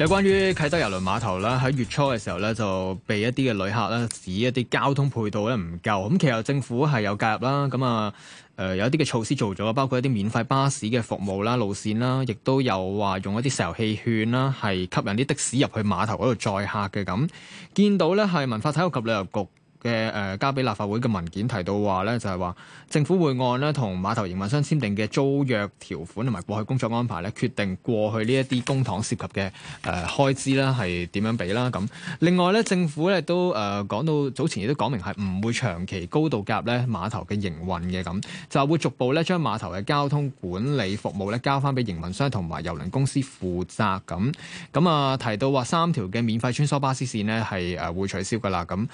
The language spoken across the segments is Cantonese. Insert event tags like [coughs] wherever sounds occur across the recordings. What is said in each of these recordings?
有關於啟德郵輪碼頭咧，喺月初嘅時候咧就被一啲嘅旅客咧指一啲交通配套咧唔夠，咁其實政府係有介入啦，咁啊誒有一啲嘅措施做咗，包括一啲免費巴士嘅服務啦、路線啦，亦都有話用一啲石油氣券啦，係吸引啲的士入去碼頭嗰度載客嘅。咁見到咧係文化體育及旅遊局。嘅誒交俾立法會嘅文件提到話咧，就係話政府會按咧同碼頭營運商簽訂嘅租約條款同埋過去工作安排咧，決定過去呢一啲公帑涉及嘅誒開支啦，係點樣俾啦咁。另外咧，政府咧都誒講到早前亦都講明係唔會長期高度介入咧碼頭嘅營運嘅咁，就會逐步咧將碼頭嘅交通管理服務咧交返俾營運商同埋郵輪公司負責咁。咁啊提到話三條嘅免費穿梭巴士線呢係誒會取消㗎喇咁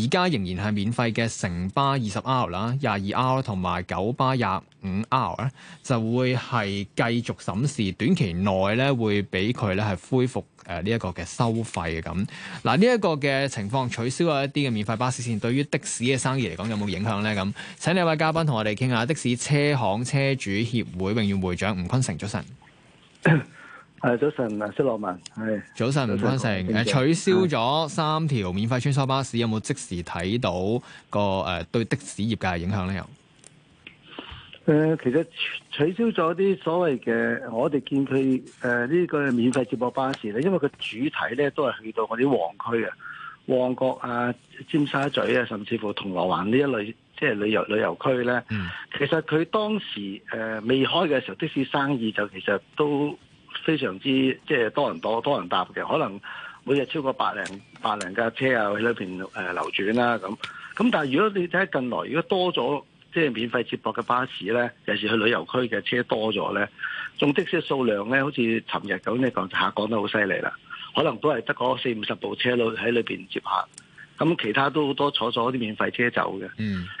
而家仍然係免費嘅城巴二十 R 啦，廿二 R 同埋九巴廿五 R 咧，就會係繼續審視短期內咧會俾佢咧係恢復誒呢一個嘅收費嘅咁。嗱、啊，呢、這、一個嘅情況取消咗一啲嘅免費巴士線，對於的士嘅生意嚟講有冇影響呢？咁請呢位嘉賓同我哋傾下的士車行車主協會永遠會長吳坤成，早晨。 [coughs] 誒，早晨啊，色樂文係。早晨，吳坤成。誒，取消咗三條免費穿梭巴士，有冇即時睇到個誒、呃、對的士業界嘅影響咧？有、呃、誒，其實取消咗啲所謂嘅，我哋見佢誒呢個免費接駁巴士咧，因為佢主體咧都係去到嗰啲旺區啊，旺角啊、尖沙咀啊，甚至乎銅鑼灣呢一類即係旅遊旅遊區咧。其實佢當時誒未、呃、開嘅時候，的士生意就其實都。非常之即係多人多，多人搭嘅，可能每日超過百零百零架車啊，喺裏面、呃、流轉啦，咁。咁但係如果你睇近來，如果多咗即係免費接駁嘅巴士咧，尤其是去旅遊區嘅車多咗咧，仲的士嘅數量咧，好似尋日咁咧講就下降得好犀利啦。可能都係得嗰四五十部車喺裏面接客。咁其他都多坐咗啲免費車走嘅。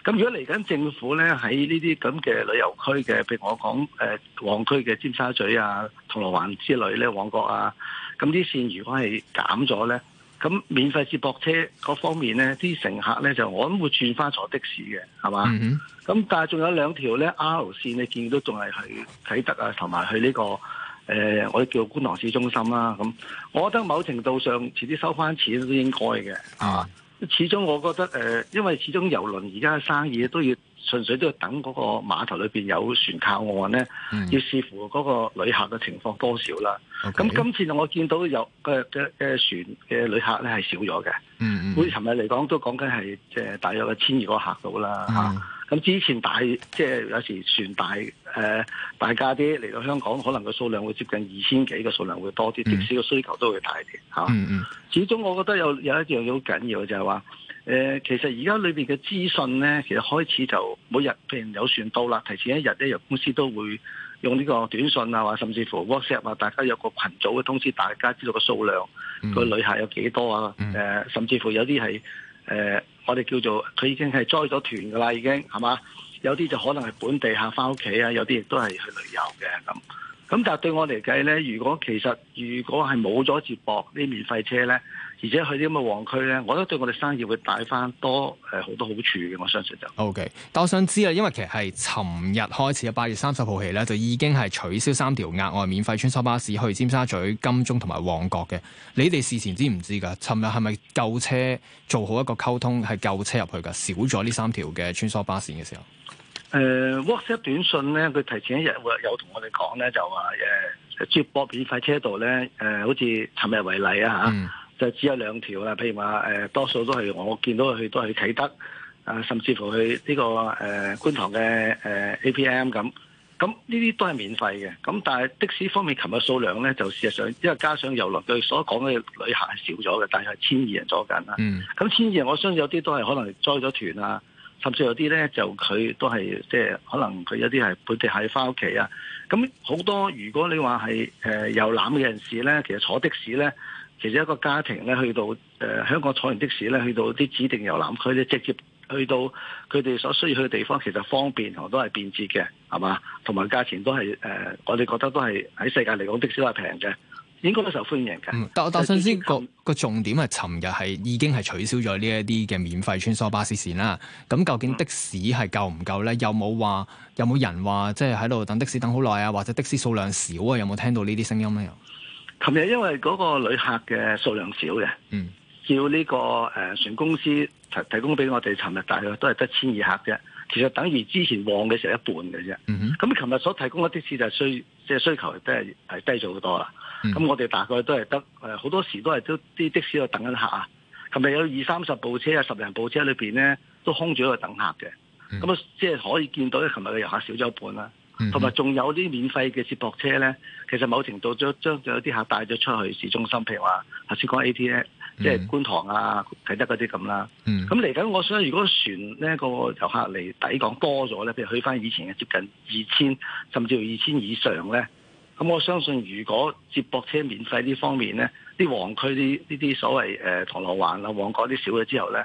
咁如果嚟緊政府咧喺呢啲咁嘅旅遊區嘅，譬如我講誒旺區嘅尖沙咀啊、銅鑼灣之類咧、旺角啊，咁啲線如果係減咗咧，咁免費接駁車嗰方面咧，啲乘客咧就我諗會轉翻坐的士嘅，係嘛？咁但係仲有兩條咧 R 線，你見到仲係去啟德啊，同埋去呢個我哋叫做觀塘市中心啦。咁我覺得某程度上遲啲收翻錢都應該嘅。始終我覺得誒、呃，因為始終郵輪而家嘅生意都要純粹都要等嗰個碼頭裏邊有船靠岸咧，mm. 要視乎嗰個旅客嘅情況多少啦。咁、okay. 嗯嗯嗯、今次我見到有嘅嘅、呃、船嘅旅客咧係少咗嘅，嗯、mm. 呃啊 mm. 嗯，好似尋日嚟講都講緊係即係大約一千二個客到啦嚇。咁之前大即係有時船大。誒、呃，大家啲嚟到香港，可能個數量會接近二千幾個數量會多啲，即使個需求都會大啲嚇、啊。嗯嗯。始終我覺得有有一樣嘢好緊要嘅就係話，誒、呃，其實而家裏邊嘅資訊咧，其實開始就每日譬如有船到啦，提前一日一日公司都會用呢個短信啊，或甚至乎 WhatsApp 啊，大家有個羣組，通知大家知道個數量，個旅客有幾多啊？誒，甚至乎有啲係誒，我哋叫做佢已經係 join 咗團噶啦，已經係嘛？是吧。有啲就可能係本地客翻屋企啊，有啲亦都係去旅遊嘅咁。咁但係對我嚟計咧，如果其實如果係冇咗接駁啲免費車咧。而且去啲咁嘅旺區咧，我都對我哋生意會帶翻多誒好多好處嘅，我相信就。Okay，但我想知啊，因為其實係尋日開始啊，八月三十號起咧，就已經係取消三條額外免費穿梭巴士去尖沙咀、金鐘同埋旺角嘅。你哋事前知唔知噶？尋日係咪夠車做好一個溝通，係夠車入去噶？少咗呢三條嘅穿梭巴士嘅時候。誒，WhatsApp 短信咧，佢提前一日會有同我哋講咧，就話誒接駁免費車度咧，誒好似尋日為例啊嚇。就只有兩條啦，譬如話誒、呃，多數都係我見到佢都係啟德啊，甚至乎去呢、這個誒、呃、觀塘嘅誒 A P M 咁，咁呢啲都係免費嘅。咁但係的士方面，琴日數量咧就事實上，因為加上郵輪佢所講嘅旅客係少咗嘅，但係千二人左緊啦。咁千二人，我相信有啲都係可能載咗團啊，甚至有啲咧就佢都係即係可能佢有啲係本地喺翻屋企啊。咁好多如果你話係誒遊覽嘅人士咧，其實坐的士咧。其實一個家庭咧，去到誒、呃、香港坐完的士咧，去到啲指定遊覽區咧，直接去到佢哋所需要去嘅地方，其實方便同都係便捷嘅，係嘛？同埋價錢都係誒、呃，我哋覺得都係喺世界嚟講的士都係平嘅，應該都受歡迎嘅、嗯。但但首先個個重點係，尋日係已經係取消咗呢一啲嘅免費穿梭巴士線啦。咁究竟的士係夠唔夠咧、嗯？有冇話有冇人話即係喺度等的士等好耐啊？或者的士數量少啊？有冇聽到呢啲聲音咧？琴日因為嗰個旅客嘅數量少嘅，叫呢個誒船公司提提供俾我哋，琴日大概都係得千二客啫。其實等於之前旺嘅時候一半嘅啫。咁琴日所提供嘅的，的士就需即係需求都係係低咗好多啦。咁、mm-hmm. 我哋大概都係得誒好多時都係都啲的士喺度等緊客啊。琴日有二三十部車啊，十零部車裏邊咧都空咗喺度等客嘅。咁啊，即係可以見到咧，琴日嘅遊客少咗一半啦。同埋仲有啲免費嘅接駁車咧，其實某程度將將有啲客帶咗出去市中心，譬如話頭先講 A T L，即係觀塘啊、啟德嗰啲咁啦。咁嚟緊，我想如果船呢個遊客嚟抵港多咗咧，譬如去翻以前嘅接近二千，甚至乎二千以上咧，咁我相信如果接駁車免費呢方面咧，啲黃區啲呢啲所謂誒、呃、銅鑼灣啊、旺角啲少咗之後咧。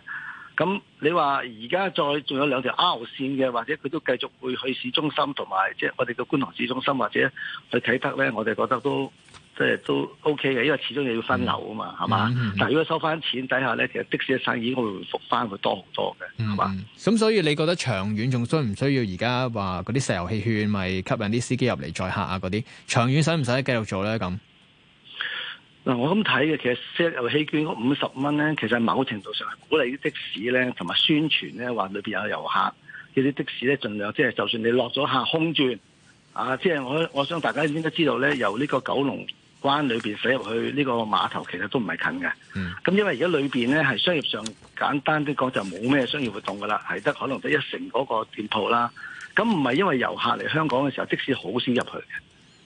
咁你話而家再仲有兩條凹線嘅，或者佢都繼續會去市中心同埋即係我哋嘅觀塘市中心或者去啟德咧，我哋覺得都即係都 O K 嘅，因為始終又要分流啊嘛，係、嗯、嘛、嗯嗯？但係如果收翻錢底下咧，其實的士嘅生意已經會復翻，會多好多嘅，係、嗯、嘛？咁、嗯、所以你覺得長遠仲需唔需要而家話嗰啲石油氣券咪吸引啲司機入嚟載客啊嗰啲？長遠使唔使繼續做咧？咁？嗱，我咁睇嘅，其實石油氣券五十蚊咧，其實某程度上係鼓勵啲的士咧，同埋宣傳咧，話裏面有遊客，啲的士咧盡量，即係就算你落咗客空轉，啊，即係我我想大家應該知道咧，由呢個九龍灣裏面駛入去呢個碼頭，其實都唔係近嘅。咁，嗯，因為而家裏面咧係商業上簡單啲講就冇咩商業活動噶啦，係得可能得一成嗰個店鋪啦。咁唔係因為遊客嚟香港嘅時候，的士好少入去嘅。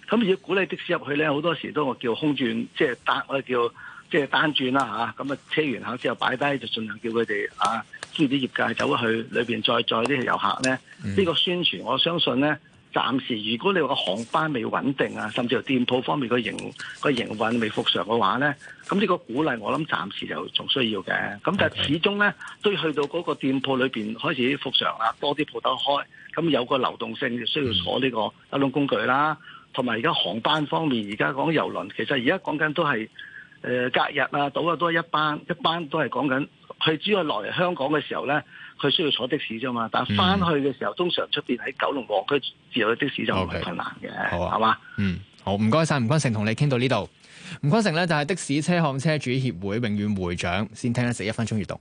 咁要鼓勵的士入去咧，好多時都我叫空轉，即係單我叫即係單，單轉啦吓咁啊，車完客之後擺低，就儘量叫佢哋啊，中啲業界走咗去裏面再，再載啲遊客咧。呢、mm. 個宣傳我相信咧，暫時如果你話個航班未穩定啊，甚至乎店鋪方面個營個營、mm. 運未復常嘅話咧，咁呢個鼓勵我諗暫時就仲需要嘅。咁、okay. 但係始終咧都要去到嗰個店鋪裏面開始復常啦，多啲鋪頭開，咁有個流動性就需要坐呢、這個、mm. 一種工具啦。同埋而家航班方面，而家講遊輪，其實而家講緊都係誒、呃、隔日啊，到啊都係一班，一班都係講緊，佢只要落嚟香港嘅時候咧，佢需要坐的士啫嘛。但返翻去嘅時候，通常出面喺九龍旺區，自由的，的士就的 okay, 好困難嘅，係嘛？嗯，好唔該晒，吳坤成同你傾到呢度。吳坤成咧就係的士車行車主協會永遠會長，先聽一隻一分鐘閲讀。